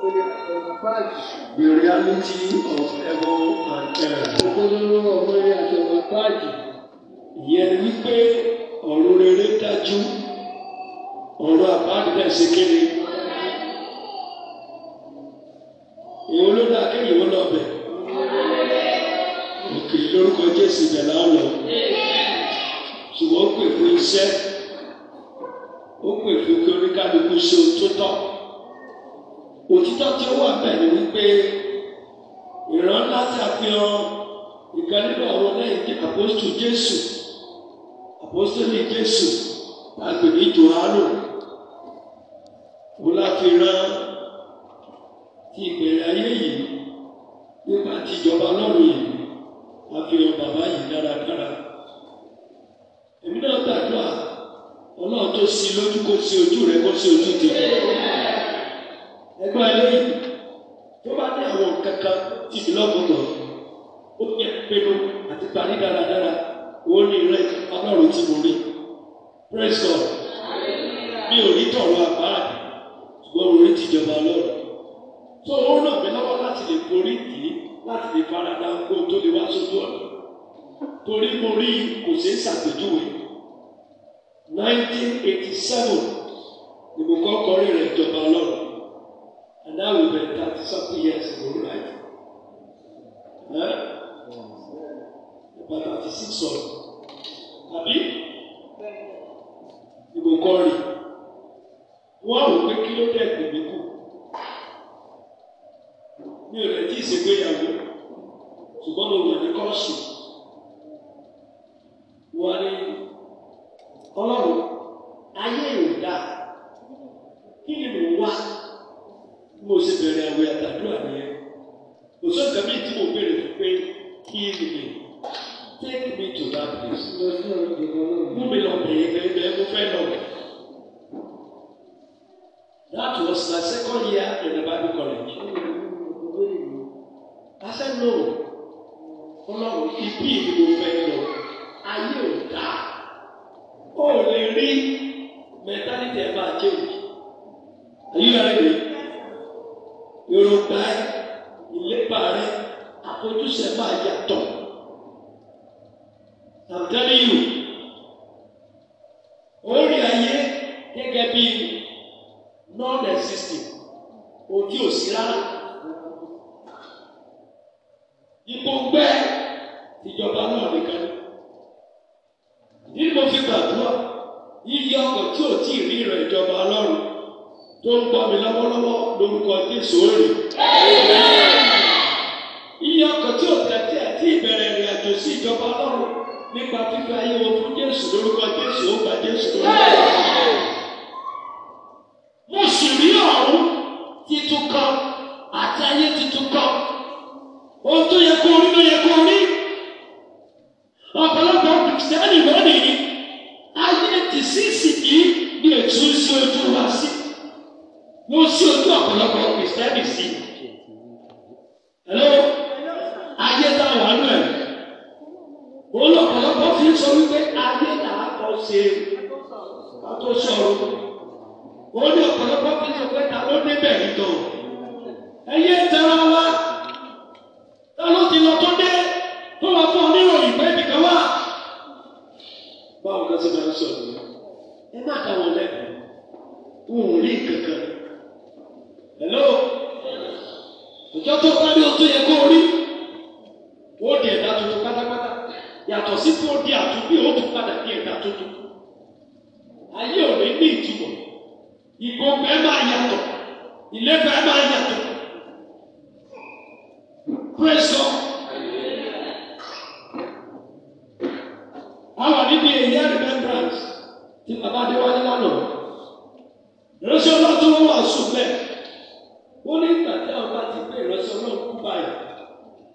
The reality of heaven and earth. Ìpolówó ọmọ rẹ̀ àtẹ̀wọ̀ páàkì. Ìyẹn wípé ọ̀rọ̀ rere dájú, ọ̀rọ̀ àbáàdì náà ṣe kéde. Èwo ló dá kéèyàn wọ́n lọ bẹ̀? Òkè lórúkọ Jésù bẹ̀rẹ̀ àlọ́. Ṣùgbọ́n ó pè fún iṣẹ́, ó pè fún kí oníkálukú ṣe ohun tó tọ́ ẹ̀kọ́ tí ó wà bẹ́ẹ̀ ni wípé ìran ńlá ṣàfihàn ìkan nínú àwọn lẹ́yìn tí àpòstù Jésù àpòstòlì Jésù agbègbè Jòhánù wọn láti rán ti ìbẹ̀rẹ̀ ayé yìí nípa tìjọba Ọlọ́run yìí àfihàn bàbá yìí dáradára èmi náà gbàdúrà Ọlọ́run tó sí lójú kó sí ojú rẹ kó sí ojú tèmi ẹgbẹ́ eléyìí tó bá ní àwọn kankan tí ìlú ọ̀gbọ̀gbọ̀ ó ní ẹ̀pẹ́nu àti parí dáradára òun ní rẹ ọlọ́run tí mo rí praise God mi ò rí tọ̀rọ̀ àbára ṣùgbọ́n mo rí tìjọba ọlọ́run tó ó ràn mí lọ́wọ́ láti lè borí ìdí láti lè farada kó tó lè wá sójú ọ̀nà torí mo rí kò ṣeé ṣàpèjúwe nineteen eighty seven. 130 something years ago, right? Huh? About six or have you? You Ìgbò kọrin. Wọ́n rò pé kí ló dẹ̀ gbèmí kù. Mi ò rẹ̀ tí ì ṣègbéyàwó. Ṣùgbọ́n mo wà ní kọ́ọ̀ṣì.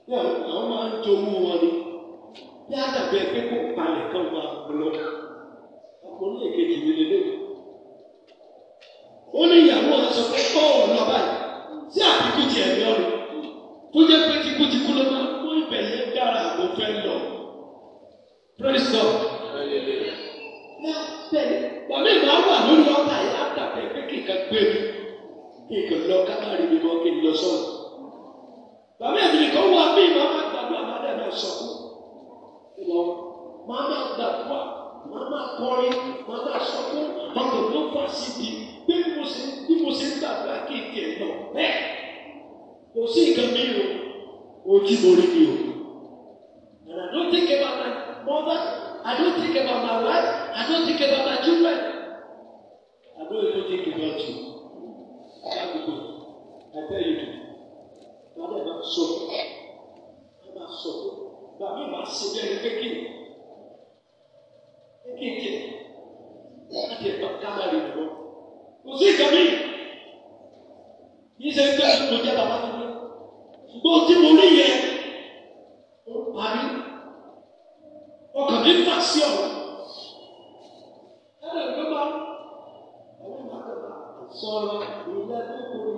ní àwọn máa ń jowú wọn ni bí a dàbí ẹgbẹ́ kò balẹ̀ kán wà lọ ọkùnrin èkejì mi lè léwu. ó ní ìyàwó rẹ sọ pé kọ́ ọ̀nà báyìí sí àbíkìtì ẹ̀mí ọ̀rẹ́ tó jẹ́ pé kíkútikú ló máa kó ibẹ̀ yẹn dára àbò fẹ́ lọ. praise God. bẹ́ẹ̀ni bàbá ìgbà wà lórí ọ̀tá yìí á dàbí ẹgbẹ́ kíkan gbé mi kíkan lọ kábàárì mi mọ́ kí n lọ sọ́run. Bàbá ẹ̀sìn nìkan wà bí màá máa gbàdúrà máa da máa sọ̀kú. Lọ máa máa gbàdúrà máa máa kọrin máa máa sọ̀kú máa kò ló fà sí di bí mo ṣe bí mo ṣe ń gbàdúrà kéèké lọ bẹ́ẹ̀. Kò sí nǹkan mi o, ojú mo rí mi o. And I don't think about my mother, I don't think about my wife, I don't think about my children. I don't even think about you. That be I tell you ìgbàlẹ̀ máa sọ̀rọ̀ ẹ̀ máa sọ̀rọ̀ gbàmí máa ṣe bí ẹni kékeré kékeré láti ẹ̀ka kámẹ́rì lọ. kò sí ìkàmí yìí ṣe ń gbé ẹ̀sùn tó jẹ́ bàbá tó gbé ṣùgbọ́n tí mo rí yẹ ó parí ọkàn mi fà sí ọ̀rọ̀. ẹ̀rọ ìgbẹ́pà ẹ̀rọ ìgbàgbọ́ sọ̀rọ̀ ìlẹ́gbẹ̀ẹ́ orí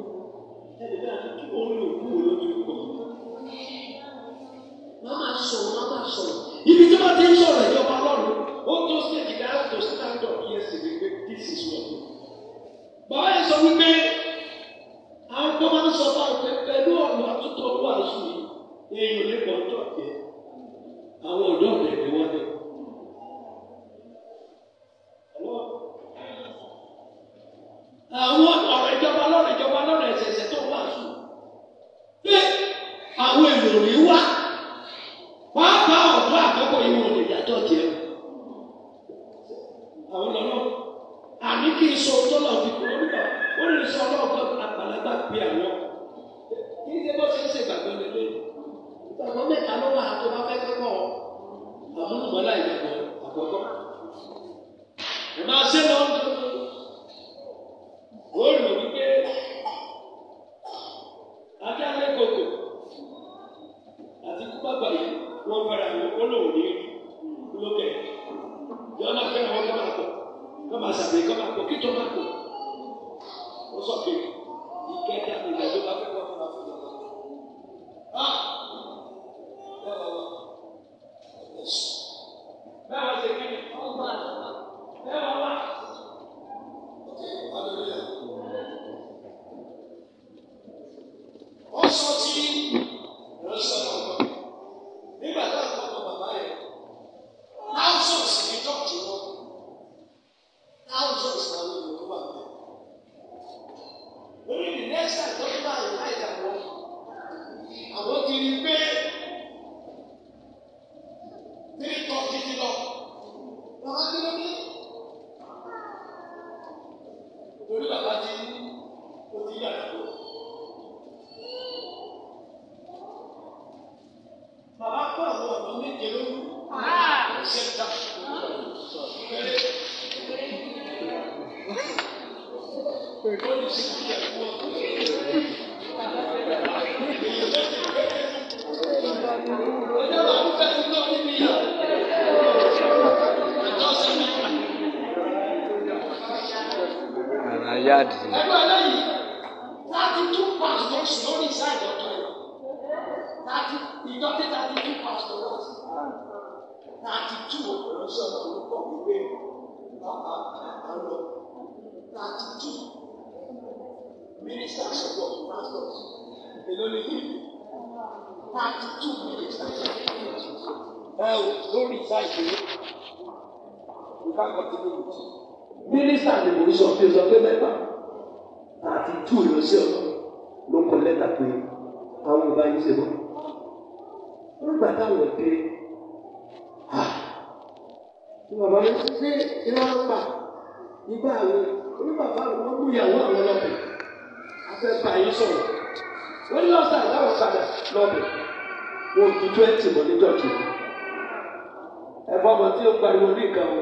ẹ̀rọ ìgbàgbọ́ orí Ibi tí wọ́n ti ń sọ̀rọ̀ ìjọba lọ́rùn, ó tó stage that has to stand up here sí wípé this is what. Bàbá yẹn sọ wípé. rẹ̀ pé ní ah, bàbá mi ṣe ìrànlọ́pà nígbà wo oníbàbá rẹ̀ wọ́n mú ìyàwó àwọn lọ́bẹ̀ afẹ́fà yìí sọ̀rọ̀ wọ́n ní ọ̀sán àdáwọ̀ padà lọ́bẹ̀ wọn kì í tó ẹtì mọ́ níjọ́ kìí ẹ̀fọ́ ọmọ tí ó pariwo ní nǹkan o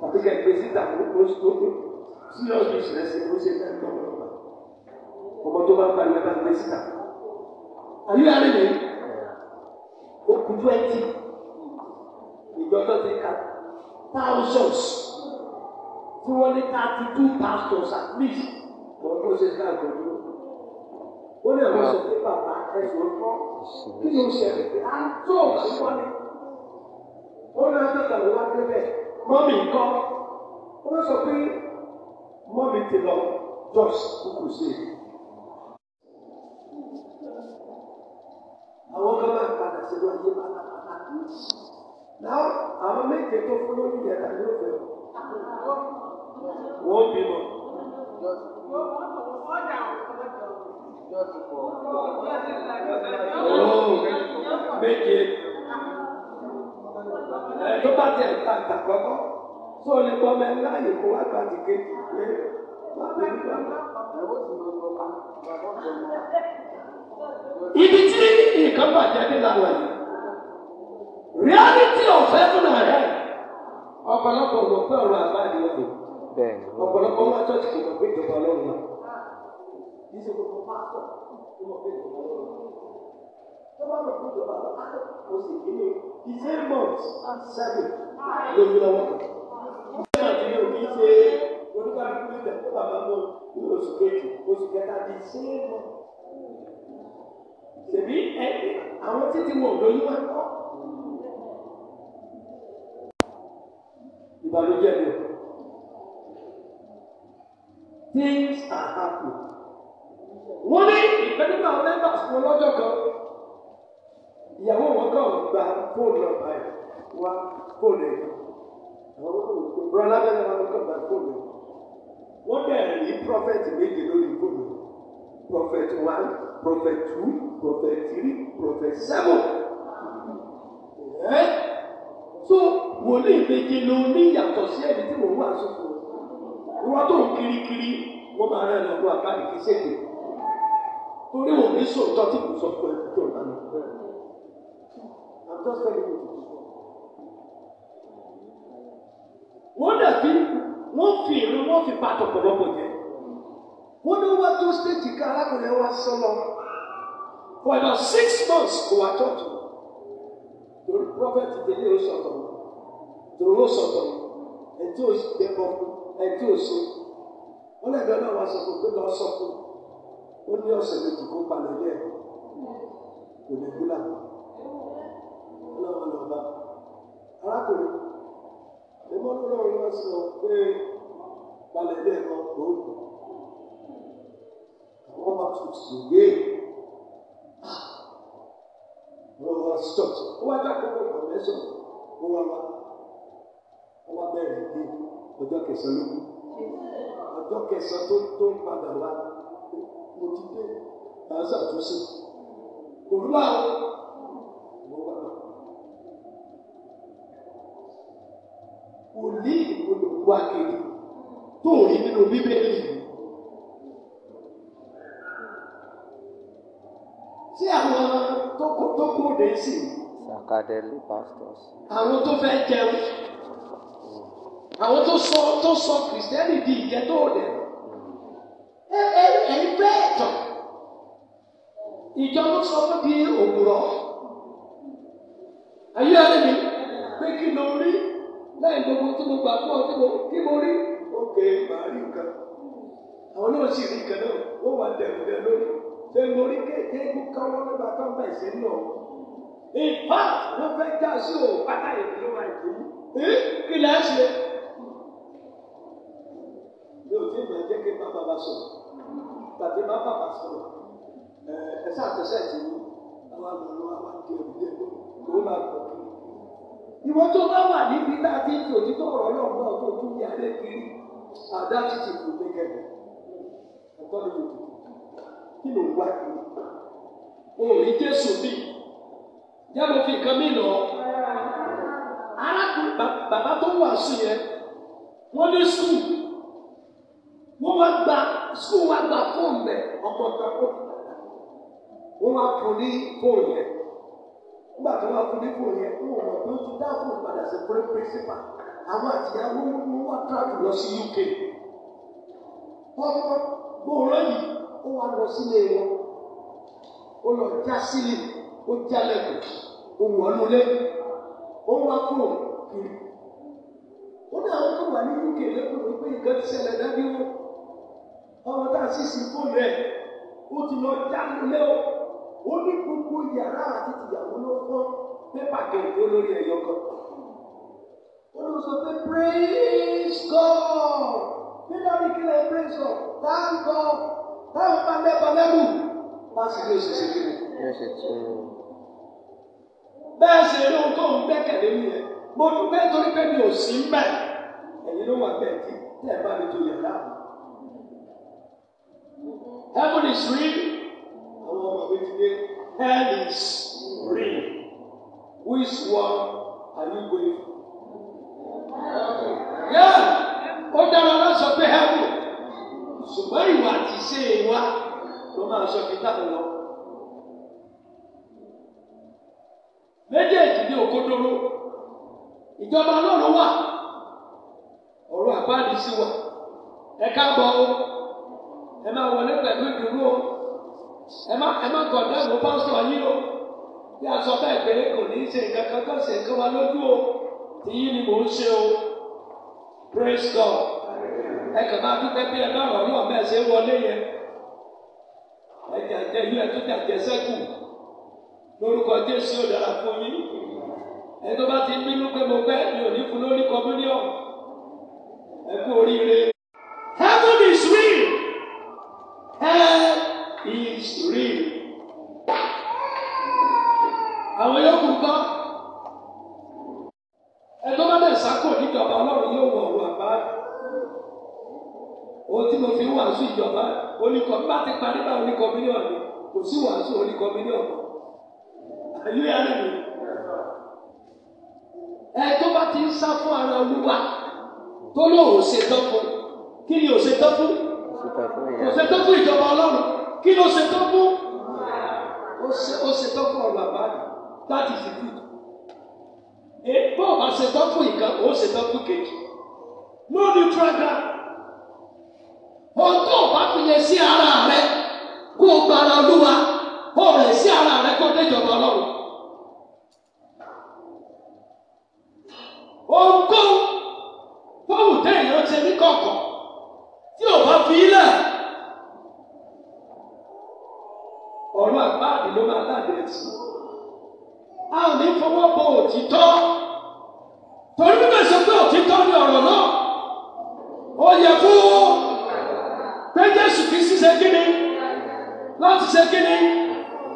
tàbí kẹ̀kẹ́ síta ó tó serious business ló ṣe fẹ́ tọ́ ọmọ tó bá pariwo ẹ bá gbé síta àyè àrẹ nìyí ó twenty ìjọ tó ti ka thousands tí wọ́n ní thirty two thousands at least wọ́n tó ṣe ká gbọ́dọ̀ ó lè wọ́n sọ pé bàbá ẹ̀sùn kọ́ kí ló ń ṣẹlẹ̀ pé à ń tó òṣìṣẹ́ ni ó náà tẹ̀lé wá débẹ̀ mọ́mì ń kọ́ ó sọ pé mọ́mì ti lọ jọ́ọ̀sì kúkú sí i. àṣírí ayé pátápátá. Náà àwọn méje tó fún lórí ìyàrá yóò fẹ́ o. Wọ́n bímọ. Méje. Tó bá tiẹ̀ ta àtàkọ́kọ́, tó lè gbọ́ mẹ́ láàyè kó wá gba tìkejì. Wọ́n bẹ̀rù gbàgbọ́ ibi tí nǹkan bàjẹ́ dé làwọn yìí reality of heaven and hell ọ̀pọ̀lọpọ̀ mọ̀ pé ọ̀rọ̀ àbáyé wọn lò ọ̀pọ̀lọpọ̀ wọn church kò mọ̀ pé ìjọba ọlọ́run náà kì í ṣe gbogbo pásítọ̀ tó mọ̀ pé ìjọba ọlọ́run náà tó bá ìjọba ọlọ́run náà kò sì kí ni seven lórí lọ́wọ́ kan ìṣe àtìlẹ́ òbí ṣe oníkàlùkù ìjọba ọlọ́run náà ṣèbí ẹ àwọn títí wọn ò lóyún wá kọ́. ìbànújẹ́ ni things are happening. wọ́n ní ìfẹ́nìmọ̀ members wọn lọ́jọ́ kan ìyàwó wọn kàn gba fóònù nọ́mbà ẹ̀ wá fóònù ẹ̀ bùrọ̀lá bẹ́ẹ̀ ni wọn kàn gba fóònù ẹ̀ wọ́n bẹ̀rẹ̀ ní prọfẹ̀tì méje lórí fóònù prophet one prophet two prophet three prophet seven. Ẹ́ eh? so wòlíì méje ló ní yàtọ̀ sí ẹni tí mò ń wà sófò. Ìwọ́n tó ń kiri kiri wọ́n máa rẹ̀ lọ́wọ́ àbáyé kìí ṣètò. Torí òun ní sòótọ́ tí kò sọ fún ẹni tó bá lọ. I'm just telling you to wọ́n dàbí wọ́n fi ìran wọ́n fi pa tọ̀pọ̀lọpọ̀ jẹ́ wọ́n ní wọ́n tó stéèjì ká arákùnrin wa sọ lọ for about six months kò wá tọ́jú torí prophet délé ó sọ̀tọ̀ tòun ó sọ̀tọ̀ ẹ̀ tí ó dẹ́kọ̀ ẹ̀ tí ó so wọ́n lẹ́gbẹ̀ẹ́ náà wá sọ fún pé lọ́ọ́ sọ fún ó ní ọ̀sẹ̀ méjì kó palẹ̀ ní ẹ̀kọ́ kò lè gbúlà ọlọ́run lọ́ba arákùnrin ẹ̀mọ́ lọ́rùn wá sọ pé palẹ̀ ní ẹ̀kọ́ kò ó kù ɔmatusige ɔwɔ stɔt ɔwɔ adaka ɔwɔ kɔmɛsɔn ɔwɔ ama ɔwɔ abɛrɛ ɛdi ọjọ́ kẹsàn ló kù ọjọ́ kẹsàn tó tó padà wá mo ti dé àásà tó ṣe òrùlá mo bá bà kò wá kiri tó rí nínú bíbélì yìí. dìde ń sìn. Sakadeli pastors. Àwọn tó fẹ́ jẹun. Àwọn tó sọ tó sọ Kìrìsìtẹ́nì di ìjẹ́ tó dẹ̀. Ẹ ẹ ẹ̀yin bẹ́ẹ̀ tàn. Ìjọ ló sọ fún di òwúrọ̀. Ayé ẹni mi pé kí ló rí láì gbogbo tí mo gbà fún ọ tí mo kí mo rí. Ókè màá rí nǹkan. Àwọn náà sì rí nǹkan náà. Wọ́n wà dẹ̀rù dẹ̀ lórí. Ṣé mo rí kéèké kú káwọ́ nígbà tó ń bẹ̀ sí náà? In eh, fact, wọ́n já sí o pátá ìlú ló máa dùn. Eh, kí lẹ́ ṣe? Mi tí ì jẹ́ kí bàbá bá sọ̀rọ̀. Tàbí má bàbá sọ̀rọ̀. Eh, ẹ ṣàtẹ̀sẹ̀ tí àwọn àlọ́ àwọn àti ẹ̀rùjẹ́ ló máa gbọ̀ kí. Ìwọ́n tó bá wà níbi tá a ti ń tò títọ́ ọ̀rọ̀ náà tó tún yà lé kiri. Àdá ti ti kù mí kẹ̀kẹ́. Ẹ̀kọ́ ni mo Kí ló ń wá kiri? Òòrì Jésù bíi jẹ́ mo fi nǹkan mí lọ. arákùnrin bàbá tó wà sí yẹn wọ́n ní skul wọ́n wá gba skul wá gba fóònù rẹ̀ ọ̀pọ̀ ìgbàgbọ́ wọ́n wá fún ní fóònù yẹn nígbà tó wá fún ní fóònù yẹn wọ́n wọ̀ pé ó ti dá fóònù padà sí pé pírísípà àwọn àtìyàwó wọn wá tíráàtù lọ sí UK ọmọ gbòòrò yìí ó wá lọ sílé wọn ó lọ já sílé ó jálẹ̀ kù ó wọ̀ ọ́nú lé ó wá kúrò kiri. ó ní àwọn tó wà ní UK lẹ́kọ̀ọ́ pé nǹkan ti ṣẹlẹ̀ dábí wọn ọmọ tá a sì sí fóònù ẹ̀ ó ti lọ jáde lé o ó ní gbogbo yàrá àti tìyàwó ló fọ́ pépà kẹ̀kẹ́ lórí ẹ̀yọ kan. ó ló sọ pé praise God nínú àbíkílẹ̀ praise God thank God táwọn bá mẹ́bàá mẹ́rù má ṣe ṣe kiri bẹ́ẹ̀ ṣe rí ohun tó ń gbẹ́kẹ̀lé mi rẹ̀ mo dúpẹ́ torí pé mi ò sí ń bẹ̀ ẹ̀yin ló wà bẹ́ẹ̀ tí ẹ bá mi tó yẹ láàbù. heaven is real àwọn ọmọ mi ti dé hell is real which one are you going for? yeah ó dára lọ́sọ̀ pé heaven ṣùgbọ́n ìwà àti ṣe é wá ló máa sọ kí táwọn lọ. méjèèjì ní òkodoro ìjọba ọlọ́run wà ọ̀rọ̀ àbáàdì sí wa ẹ káàbọ̀ o ẹ máa wọlé pẹ̀lú o ẹ má ẹ má gọ̀dọ̀ ẹ̀mú pásítọ̀ yín o bí a sọ bẹ́ẹ̀ pé kò ní í ṣe nǹkan tó ṣe nǹkan wa lójú o ni mò ń ṣe o praise God ẹ kàn máa dúpẹ́ bí ẹ bá lórúkọ Jésù ò fún yín ẹni tó bá ti bínú pé mo pẹ́ mi ò ní fún lórí communion ẹ kú oríire. Heaven is real. Hell is real. àwọn yòókù kọ́ ẹ tó bá dẹ̀ sákò níjọba Ọlọ́run yóò wọ̀ wọ̀ àbá ohun tí mo fi ń wàásù ìjọba oníkọ̀ bá ti parí bá oníkọ̀ mílíọ̀nù kò sí wàásù oníkọ̀ mílíọ̀nù àlùyà rẹ̀ lò. ẹ tó bá ti ń sá fún ara olúwa tó lóò ṣe tán fún kí ni ò ṣe tán fún kò ṣe tán fún ìjọba ọlọ́run kí ló ṣe tán fún ó tán fún ọ̀rọ̀ bàbá that is it. bó o bá ṣe tán fún ìkan ó tán fún kejì no neutral ground ọtọ bá fi lè sí ara rẹ kó o gba olúwa kó o lè sí ara rẹ kó o dé ìjọba ọlọ́run. ohunkóhun fóònù téèyàn ṣe ní kọ̀ọ̀kan tí ò bá fi ilẹ̀ ọ̀rọ̀ àgbáàdì ló máa dáadé sí a ò ní fọwọ́ bọ òtítọ́ torí bí bẹ́ẹ̀ sọ pé òtítọ́ ni ọ̀rọ̀ náà ó yẹ fún pé Jésù kìí ṣiṣẹ́ kíni láti ṣe kíni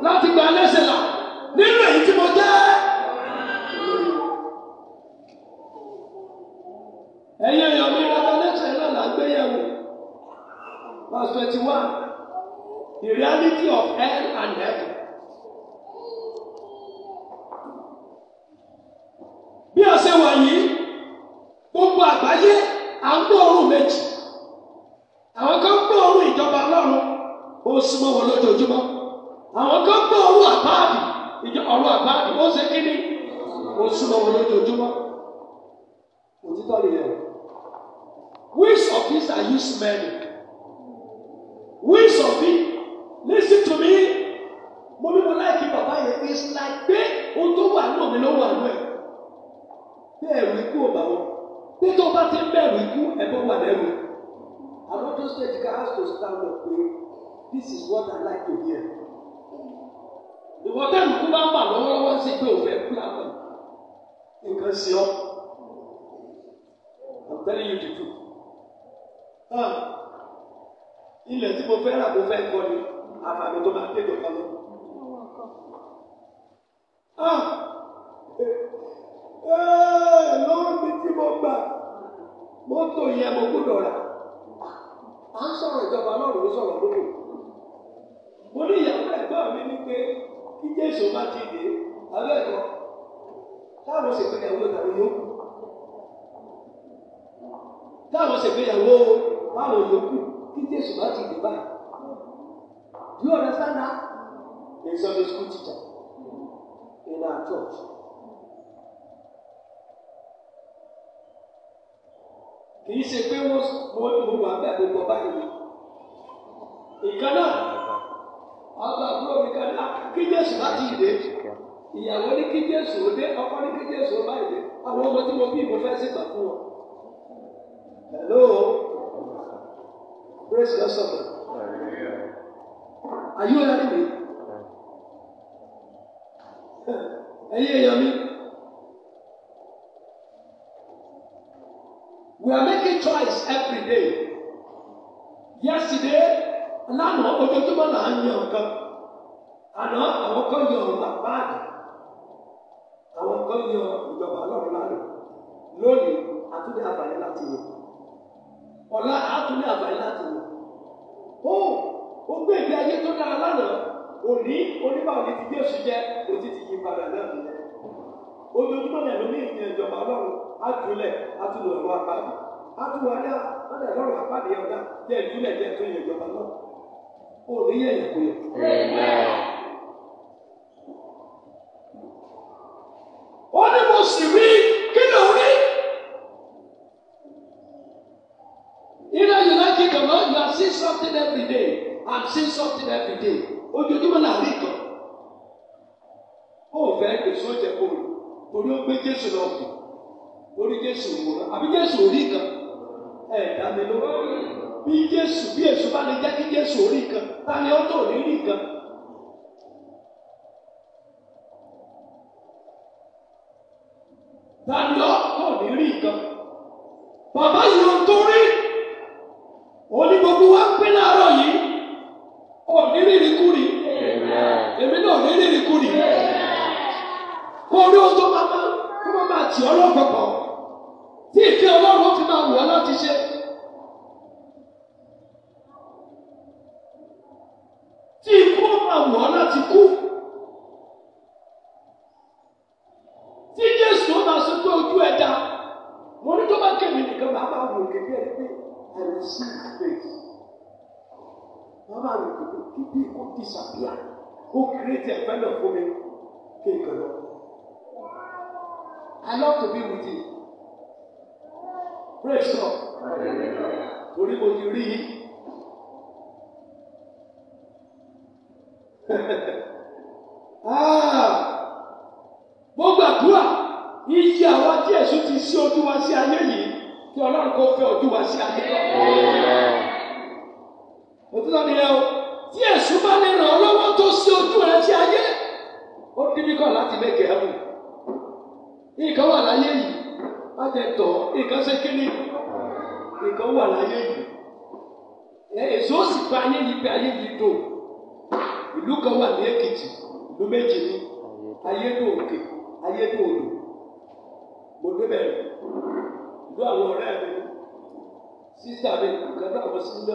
láti gba ẹlẹ́sẹ̀ là nínú èyí tí mo jẹ́. ẹ̀yin èèyàn mi revelation náà là ń gbé yẹ̀wò verse twenty one the reality of hell and heaven. bí a ṣe wà yìí gbogbo àgbáyé à ń gbọ́ òórùn méjì àwọn kan gbọ́ òórùn ìjọba ọlọ́run ó súnmọ́ wọn lójoojúmọ́ àwọn kan gbọ́ òórùn àbáàbì ìjọ ọ̀rọ̀ àbáàbì ó ṣe kíni ó súnmọ́ wọn lójoojúmọ́ òtítọ́ nìyẹn shall you we it? be. of it? Listen to me. Mo ní mo láìkí bàbá yẹn is like pé ohun tó wà náà mi ló wà náà ẹ̀. Bí ẹ̀rù ikú ò bá wọn. Bí tó bá ti ń bẹ̀rù ikú ẹ̀bọ́n wà lẹ́rù. Àwọn tó ṣe ti ká has to stand up pé this is what I like to hear. Ìwọ tẹ́lu kú bá ń bà lọ́wọ́lọ́wọ́ sí pé òfin ẹ̀kú làwọn. Nǹkan ṣe ọ́. I'm telling you the truth hàn ah, ilẹ̀ tí mo fẹ́ rà mo fẹ́ kọ́ ni àfààní tó máa ń tètè kan lọ. lọ́wọ́ mi tí mo gbà mọ́tò yẹn mo gbọ́dọ̀ rà à ń sọ̀rọ̀ ìjọba lọ́rùn ló sọ̀rọ̀ lóko. mo ní ìyàwó ẹ̀gbọ́n mi ní pé kí Jésù má ti dé abẹ́ ẹ̀kọ́ táwọn ṣègbéyàwó tàbí yóò táwọn ṣègbéyàwó báwọn yòókù tí jésù bá ti dé báyìí do you understand that a sunday school teacher in our church. kì í ṣe pé wọ́n mo wà bẹ́ẹ̀ gbogbo báyìí ìkan náà àgbà àbúrò mi kan náà kí jésù bá ti dé ìyàwó ní kí jésù dé ọkọ ní kí jésù báyìí dé àwọn ọmọ tí mo bí mo fẹ́ sígbà fún wọn. hello. Praise God, somebody. Are you learning me? òní oníbàwọ̀ ní ti bí òṣì jẹ́ òtí ti yí padà náà nìyẹn ojoojúmọ́ ní ẹ̀lómi ìyẹn ìjọba ọlọ́run ádùúlẹ̀ átúlò ẹ̀rọ àpáàdé átúwọ̀ adá ọ̀dà ẹ̀rọ àpáàdé ọ̀dà jẹ́ ìdúlẹ̀ jẹ́ tó yẹ ìjọba náà òní yẹ̀ yẹ̀ kó ó jẹ kóòlù orí ó gbé jésù lọ kù orí jésù wò lọ àbí jésù orí kan ẹ dàmí ló bí jésù bí èso bá lè jẹ́ kí jésù orí kan ta ni ó ní rí kan.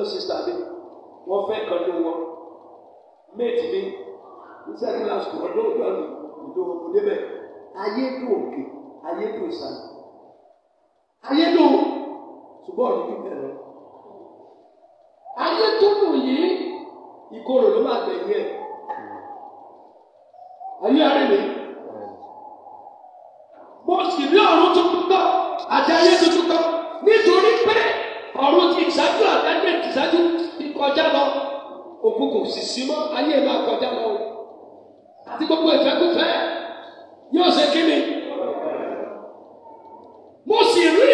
ló sista mi wọ́n fẹ́ kan ló wọ́ méètì mi ní sẹ́kìlì àsìkò ọdún ọjọ́ mi ìdó ọmọ débẹ̀ ayédò òkè ayédò ìsàlẹ̀ ayédò ṣùgbọ́n ọdún bíbẹ̀ rẹ̀ ayé tó nù yìí ìkorò ló máa gbẹ̀yìn ẹ̀ ayé arìnrìn mo sì rí ọ̀run tuntun kan àti ayé tuntun kan nítorí pé ọ̀run ti ìṣáájú àdájọ́ ìṣáájú ti kọjá lọ òkú kò sì sí mọ́ ayé máa kọjá lọ o àti gbogbo ìfẹ́kùfẹ́ yóò ṣe kí ni mo sì rí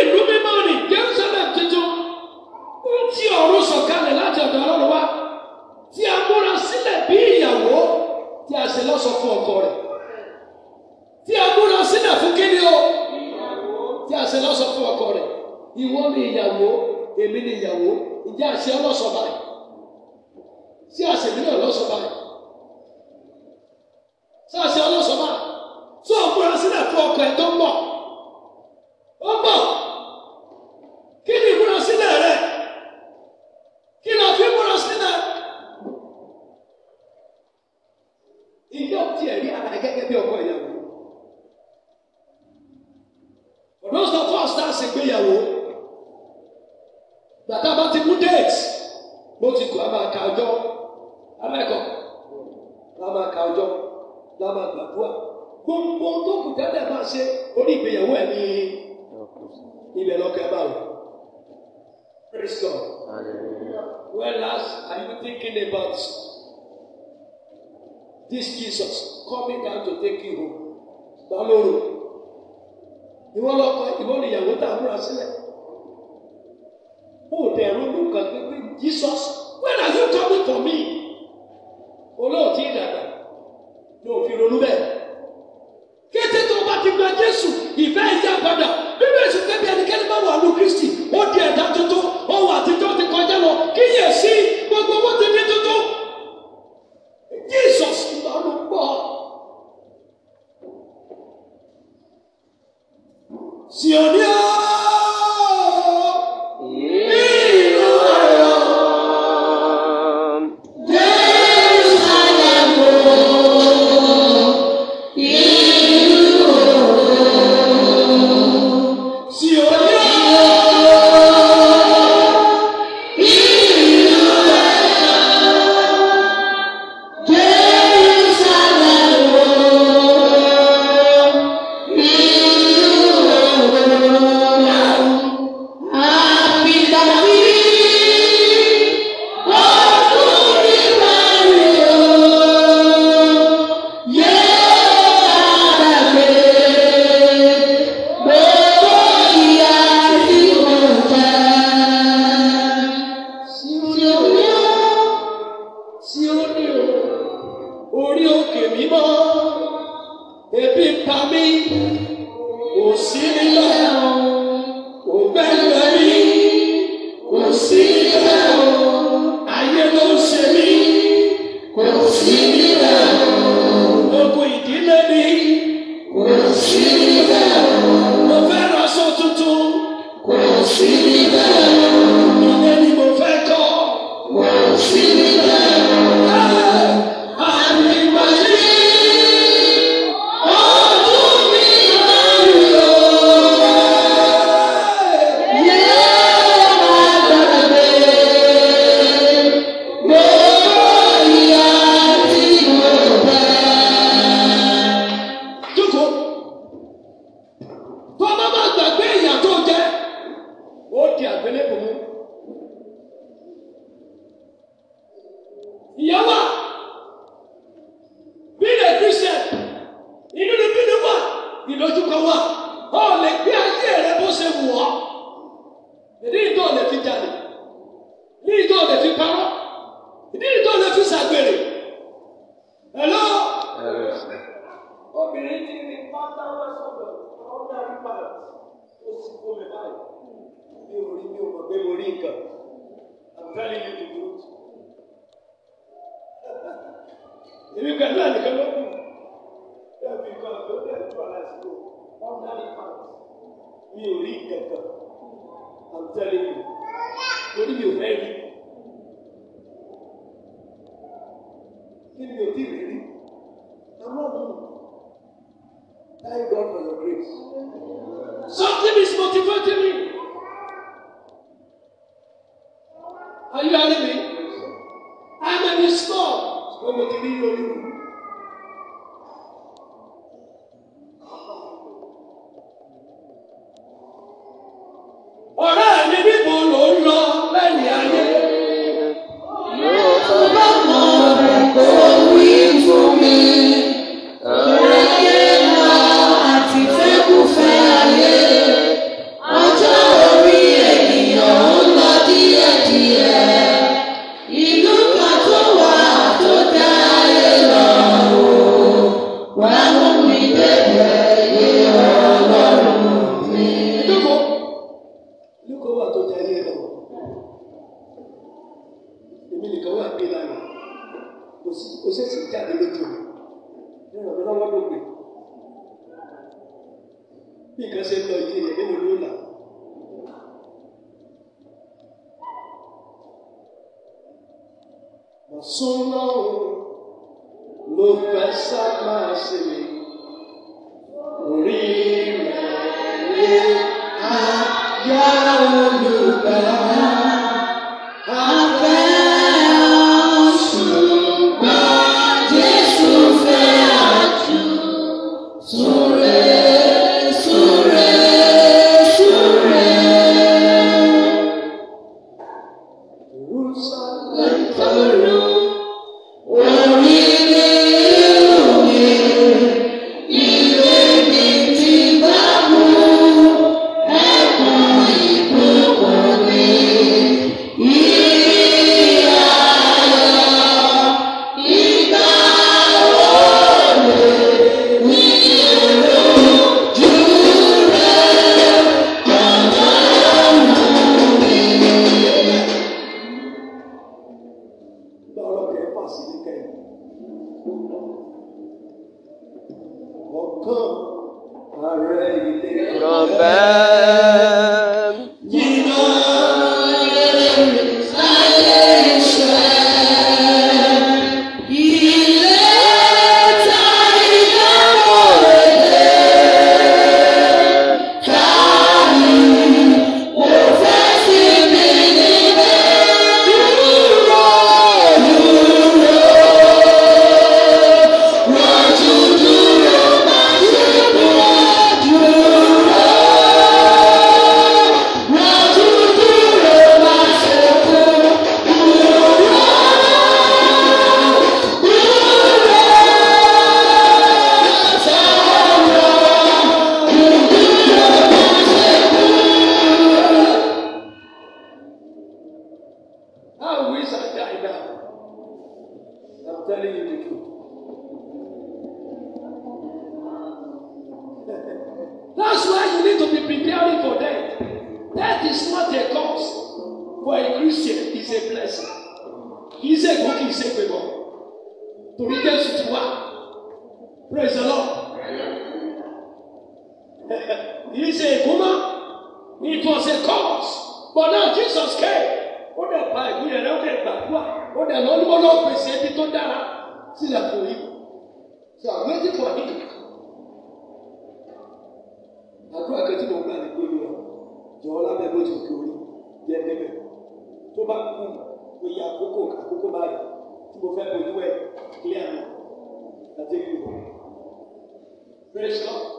èmi ni ìyàwó ǹjẹ́ àṣẹ ọlọ́sọ̀ báyìí sí àṣẹ mi náà lọ́sọ̀ báyìí. ti kú a máa ka ọjọ́ amẹ́kọ̀ la máa ka ọjọ́ la máa gbàdúrà gbogbo tó kù tẹ́lẹ̀ máa ṣe orí ìgbéyàwó ẹ̀ ní ibẹ̀ lọ́kẹ́ bá wò. Praise God. Where last are you thinking about this Jesus coming down to take you home? Balóru. Ìwọ lọ́kọ ìwọ ni ìyàwó tá a múra sílẹ̀. Bóòdù ẹ̀rọ ló kàn pé Jesus When are you coming for me? Olóòtí ìdàgbà ló fi ronú bẹ́ẹ̀. creating the pattern words of God ordinary parents ó sì kó mi báyìí mi ò rí mi ò mọ̀ pé mo rí nǹkan I'm telling you the truth. èmi kan náà nìkan ló kù ẹbí kan ló dẹ̀ ń tọ́ àlàyé sí o ordinary parents mi ò rí nǹkan kan I'm telling you torí mi ò fẹ́ rí. Kí ni o ti rí rí? Àmọ́ Thank God for your grace. Something is motivating me. Are you hearing me? I may be small. It's going to motivate you. kò ṣe sì jáde lójú ní ìrànlọ́ lọ́wọ́ ló bí nǹkan ṣe lọ yìí èèyàn nínú ló là mọ̀sán lọ́rùn ló fẹ́ sá máa ṣe mí. Frescão.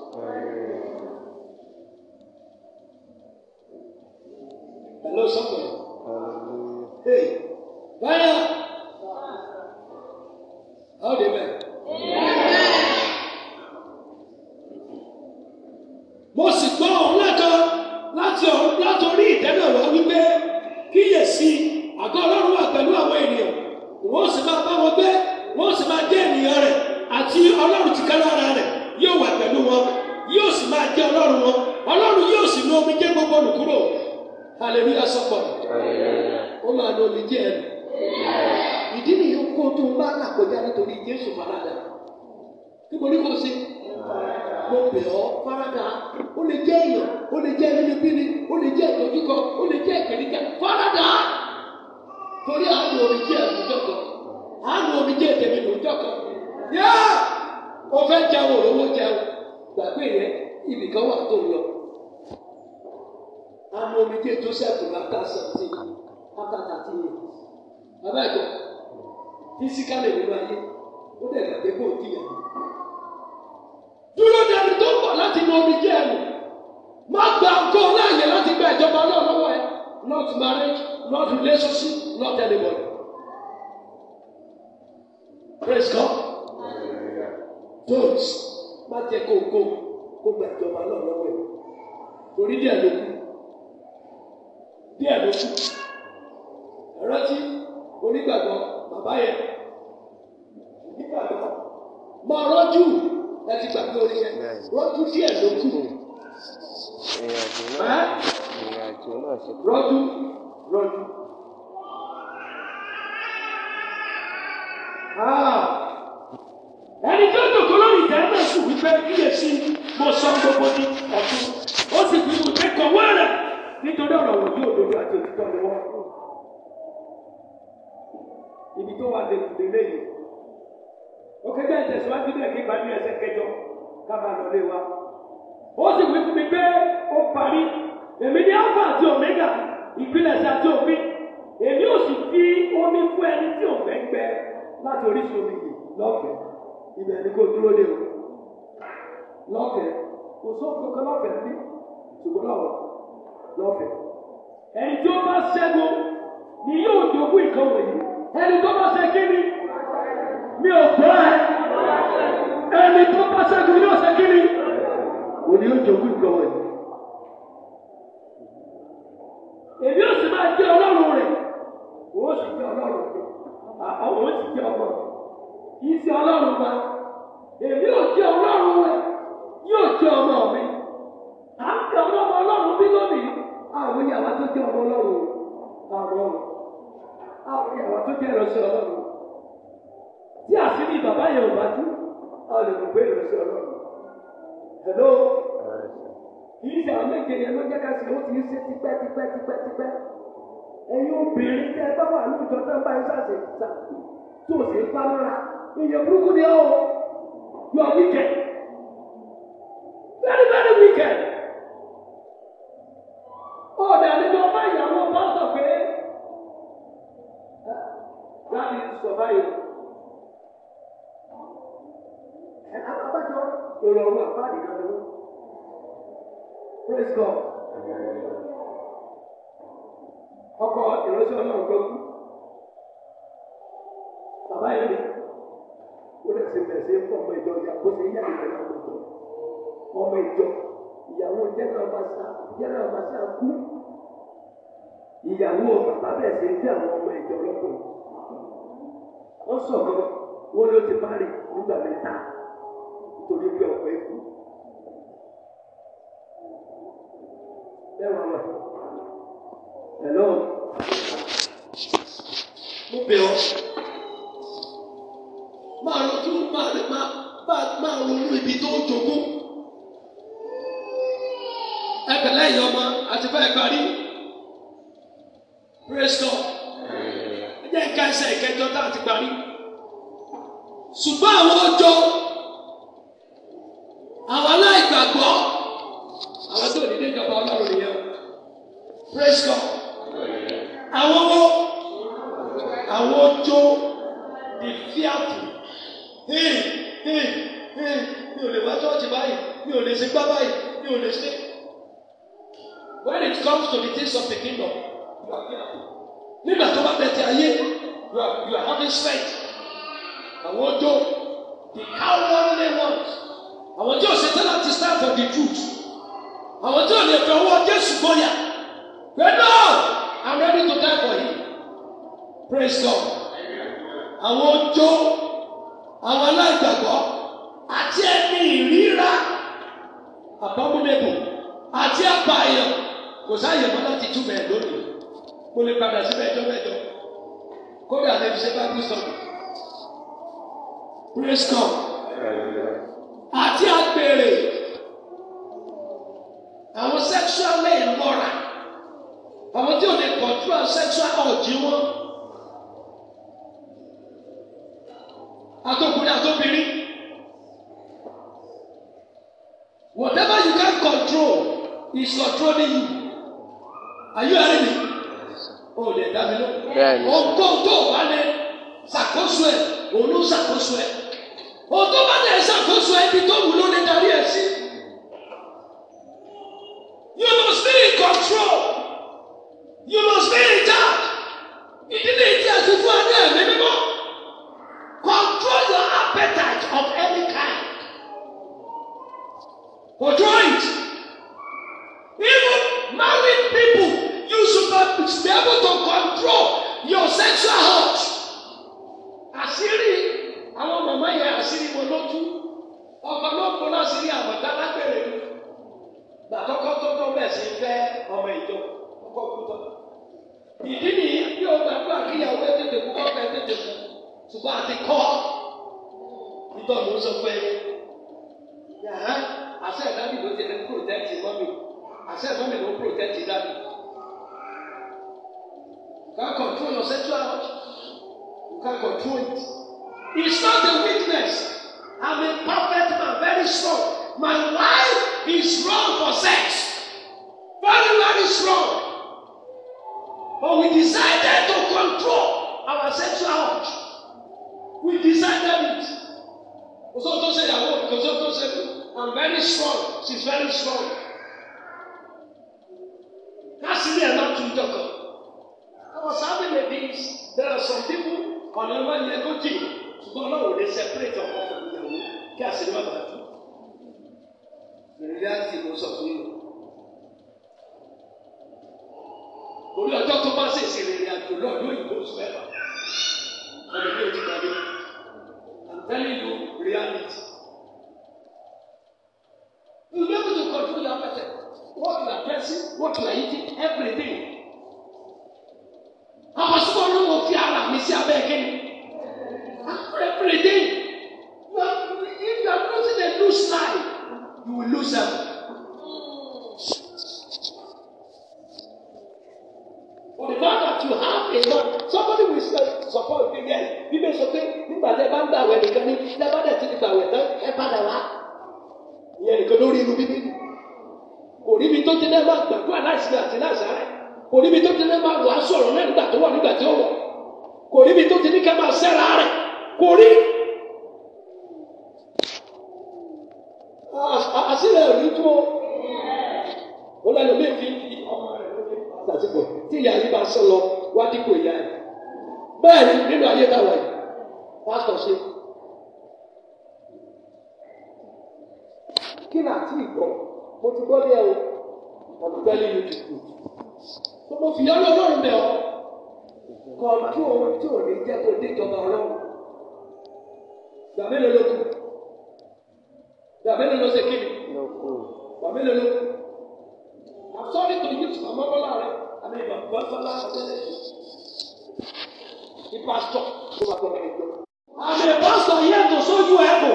má jẹ kó kó kó gba ìjọba náà lọ́wọ́ ẹ̀ torí díẹ̀ ló kù díẹ̀ ló kù rántí onígbàgbọ́ bàbá yẹn onígbàgbọ́ máa rọ́jú láti gbàgbé orí yẹn rọ́jú díẹ̀ ló kù rọ́jú rọ́jú. Ah! sì wípé kíyèsí mo sọ gbogbo ní ọ̀tún ó sì fi ìwé kọ̀wé rẹ̀ nítorí ọ̀rọ̀ wò ní òdodo àti òtítọ́ ni wọ́n ibi tó wà lè lélẹ́yìn ó kẹ́kẹ́ ìtẹ̀síwájú ní ẹ̀kẹ́ ìbájú ẹsẹ̀ kẹjọ kábàá lọ lé wa ó sì wí fún mi pé ó parí èmi ní alpha àti omega ìpilẹ̀ṣẹ̀ àti òfin èmi ò sì fi omi fún ẹni tí òun fẹ́ gbẹ láti orísun omi yìí lọ́fẹ̀ẹ́ ibẹ̀ ni kò dúró dé o lọ́fẹ̀ẹ́ kò sóhun kankan lọ́fẹ̀ẹ́ bí ṣùgbọ́n lọ́wọ́ lọ́fẹ̀ẹ́. ẹni tí ó bá ṣẹ́gun ni yóò jogún nǹkan wọ̀nyí ẹni tó bá ṣe kí ni mi ò gbọ́ ẹ ẹni tó bá ṣẹ́gun yóò ṣe kí ni kò ní yóò jogún nǹkan wọ̀nyí. èmi ò sì máa jẹ ọlọ́run rẹ̀ òun sì jẹ ọlọ́run rẹ̀ òun sì jẹ ọlọ́run kì í ṣe ọlọ́run wa èmi ò jẹ ọlọ́run rẹ̀. àwọn ọlọ́run àwọn àwọn àwọn tó jẹ́ ìránṣẹ́ ọlọ́run tí àṣírí bàbá yẹn ò bá tú a lè mọ̀ pé ìránṣẹ́ ọlọ́run hello kì í ṣe àwọn méje yẹn ló jẹ́ ká ṣe ó ti ń ṣe tipẹ́ tipẹ́ tipẹ́ tipẹ́ ẹ̀yin obìnrin tẹ́ ẹ bá wà lóòjọ́ tó ń bá yín ṣàṣẹ ṣàṣẹ tó ṣe ń pa mọ́ra èèyàn burúkú ni ó yọ wíkẹ̀ very very wicked. praise God. ọkọ ìránṣẹ́ ọlọ́run tó kú bàbá yìí ni ó lè ṣe bẹ̀rẹ̀ sí fún ọmọ ìjọ ìyá bó ṣe yá ìbẹ̀rẹ̀ ọmọ ìjọ ọmọ ìjọ ìyàwó general masa general masa kú ìyàwó bàbá bẹ̀rẹ̀ sí bí àwọn ọmọ ìjọ lọ́kùnrin wọ́n sọ̀rọ̀ wọn ló ti má rí nígbà mẹ́ta nítorí pé ọ̀pẹ kú. lẹ́wọ̀n mọ̀ hello mo pè ọ́ máa lọ tún máa lè máa ronú ibi tó ń jogún ẹ pẹ̀lẹ́ ìyá ọmọ àti bẹ́ẹ̀ parí praise God ẹ jẹ́ ká ẹsẹ̀ ìkẹjọ tá a ti parí ṣùgbọ́n àwọn ọjọ́ àwọn aláìgbàgbọ́. praise God. Àwọn wo? Àwọn jó the fearful. Hìn hìn hìn mi ò lè wá ṣọ́ọ̀ṣì báyìí, mi ò lè ṣe gbá báyìí, mi ò lè ṣe. When it comes to the things of the kingdom, you are fearful. Nígbà tó bá tẹ̀sí ayé, you are you are having strength. Àwọn jó the cowardly ones. Àwọn tí ò ṣe tẹ́lá ti stand for the truth. Àwọn tí ò lè fi ọwọ́ Jésù gbóyà. Pray, Lord, I'm ready to die for you. Praise God. Àwọn ojó, àwọn aláìgbàgbọ́, àti ẹni ìríra, abominable, àti apààyàn, kò sáàyè mọ́ láti túmọ̀ ẹ̀ lónìí. Mo lè padà síbẹ̀ ẹjọ́ mẹ́jọ. Kódà lè fi ṣe bá Kristo. Praise God. Àti àgbèrè, àwọn sexual men lọ́ra àwọn tí ò lè control sexual urge wọn àtọkùnrin àtọbìnrin whatever you can control is controlling you are you hearing me o lè dá mi lọ ọgbọ́n tó wà lẹ ṣàkóso ẹ òun ló ṣàkóso ẹ òun tó bá lẹ ṣàkóso ẹ ibi tó wù ló lè darí ẹ sí. You must be in control. You understand? tuntɔkɔ àwọn sábẹ lẹbi there are some people ọ̀nà ẹ̀ma yẹ kó jì ṣùgbọ́n náà wò lè separate ọmọ ọmọ ìyàwó kí àṣírí má bàa tú ìrírí àti ìmọ̀sọ̀ fún yìí orí ọjọ́ tó bá ṣèṣe ìrìn àjò lọ lóyìnbó oṣù mẹ́fà ọmọ ìlú ètò ìgbàlè I'm telling you reality. You be able to control your appetite. What you are pressing, what you are eating. I'm telling you the truth. Mo mo fi yọ́nà ọlọ́run bẹ̀ ọ́. Kọ̀ tí òun tí òun lè jẹ́ kó dé ìjọba ọlọ́run. Ìgbà mélòó ló kù? Ìgbà mélòó ló ṣe kí ni? Ìgbà mélòó ló kù? I'm sorry to use mama bọ́lá rẹ̀. Àmì ìgbà bọ́lá ọ̀tẹ́lẹ̀. Ní pásítọ̀ ló wà pẹ̀lú ìjọba. Àmì ìpásítọ̀ yẹ́ tó sójú ẹ̀kọ́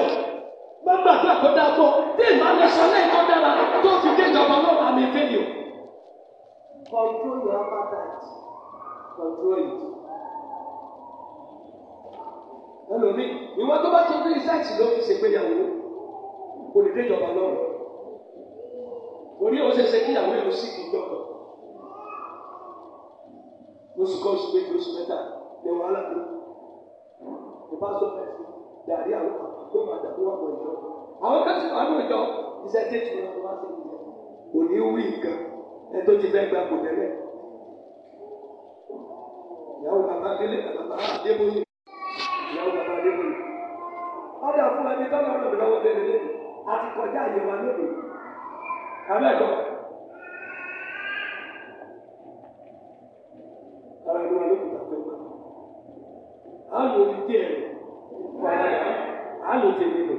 wọ́n gbàgbà kó dáa pọ̀ tí ìmọ̀ àgbàṣọ lẹ́yìn tó dára tó fi dé ìjọba lọ́wọ́ àmì fẹ́lẹ̀ o. Control your appetite. Control it. ẹlòmí ìwọ́n tó bá tún bí sẹ́ẹ̀sì ló fi ṣègbéyàwó kò lè dé ìjọba lọ́wọ́ orí òun ṣẹ̀ṣẹ̀ kíyàwó ìlú sí ìjọba oṣù kan oṣù méjì oṣù mẹ́ta lè wàhálà tó ìbá sọ fẹ́ẹ́ fi dàrí àwọn kan tó máa dàbí wà pọ̀ ìjọ àwọn kan sì wà ní ìjọ iṣẹ́ tí ètò ìrìn àjò wá sí ìjọ kò ní wí nǹkan ẹ tó ti fẹ́ gba kò tẹ́lẹ̀ ìyàwó bàbá délé bàbá adébóyè ìyàwó bàbá adébóyè ọ̀dà fún ẹni tọ́lá ọ̀rọ̀ mi lọ́wọ́ délé lé àti kọjá àyè wa lónìí abẹ́ẹ̀kọ́ ara ìlú wa lókùtà pé wọ́n á lò ní díẹ̀ wọ́n á yà á lò tèmi lò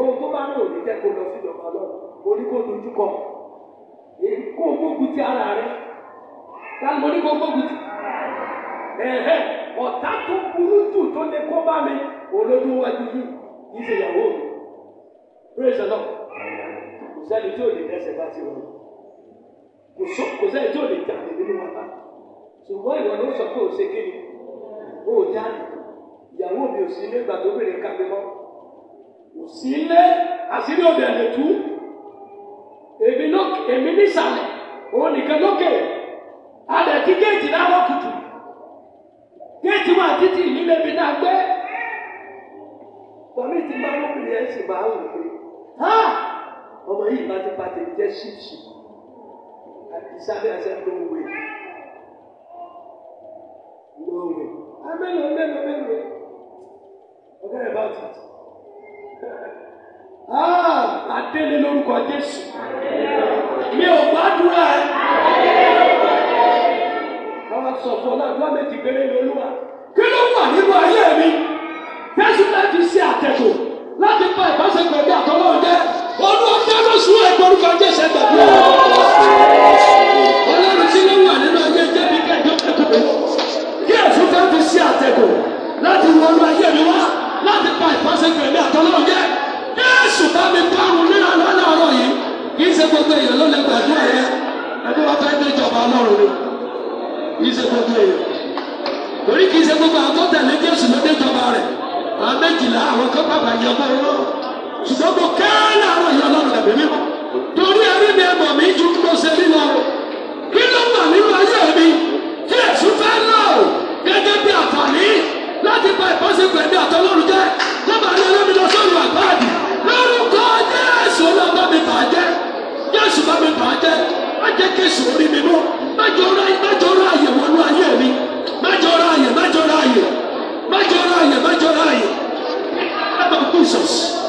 ohun tó bá ní òní jẹ́ kó lọ sí ìjọba lọ orí kó dojú kọ kó gbógun ti ara rẹ táwọn orí kó gbógun ti ẹ̀hẹ́ ọ̀tá tó burú jù tó lè kó bá mi olójú wájú yìí kì í ṣe ìyàwó mi praise the lord kò sẹ́ni tí ò lè dẹ́sẹ̀ bá ti wọ̀ kò sẹ́ni tí ò lè jà nínú wọn ṣùgbọ́n ìwọ ló sọ pé ò ṣe kéde ó jáde ìyàwó mi ò sí ilé ìgbà tó bèrè kàgbé mọ́ kò sí ilé àṣírí òbí ẹ̀lẹ̀ tú èmi lókè èmi nísàlẹ̀ òun nìkan lókè adẹ̀ tí géètì láwọ̀ kùtù géètì wà títì nílé mi náà gbé bàmí ti bá lóbìnrin ẹ̀ sì máa ń wò pé ọmọ yìí bá ti pàtẹ jẹ́ ṣíṣì àti sábẹ́ ẹsẹ̀ tó ń wé lọ́wọ́ mélòó mélòó mélòó. Forget about it. Ah, Adéle lórúkọ Jésù. Mi ò gbàdúrà. Káwá sọ fún ọlọ́dúnrún méjì péré ní olúwa. Kí ló wà nínú ayé mi? Jésù láti ṣe àtẹ̀tò láti pa ìbáṣepọ̀ ẹ̀mí àtọ́lọ́run jẹ́. Olúwa jẹ́ lóṣù ẹ̀gbọ́n orúkọ Jésù ẹ̀gbàdúrà. Ọlọ́run tí ló wà nínú ayé jẹ́ bí kẹ́kẹ́ kẹ́kẹ́. Kí èso fẹ́ fi ṣe àtẹ̀tò láti wọnú ayé mi wá láti pa ìbáṣepọ̀ ẹ̀mí àtọ́lọ́wọ́ jẹ́ Jésù bá mi dárun nínú aláàárọ̀ yìí kì í ṣe gbogbo èèyàn ló lè gbàdúrà yẹn ẹni wọn fẹ́ dé ìjọba Ọlọ́run ni kì í ṣe gbogbo èèyàn torí kì í ṣe gbogbo àwọn tó tẹ̀lé Jésù ló dé ìjọba rẹ̀ àwọn méjìlá àwọn kan bàbá yẹn ọmọ Ọlọ́run ṣùgbọ́n mo kẹ́ láàárọ̀ yìí Ọlọ́run lẹ̀mí mímọ́ torí ẹ̀rí mi mi bà á jẹ́ orí mi mú má jọ wọnú ayé mi má jọ ra àyè má jọ ra àyè Jesus.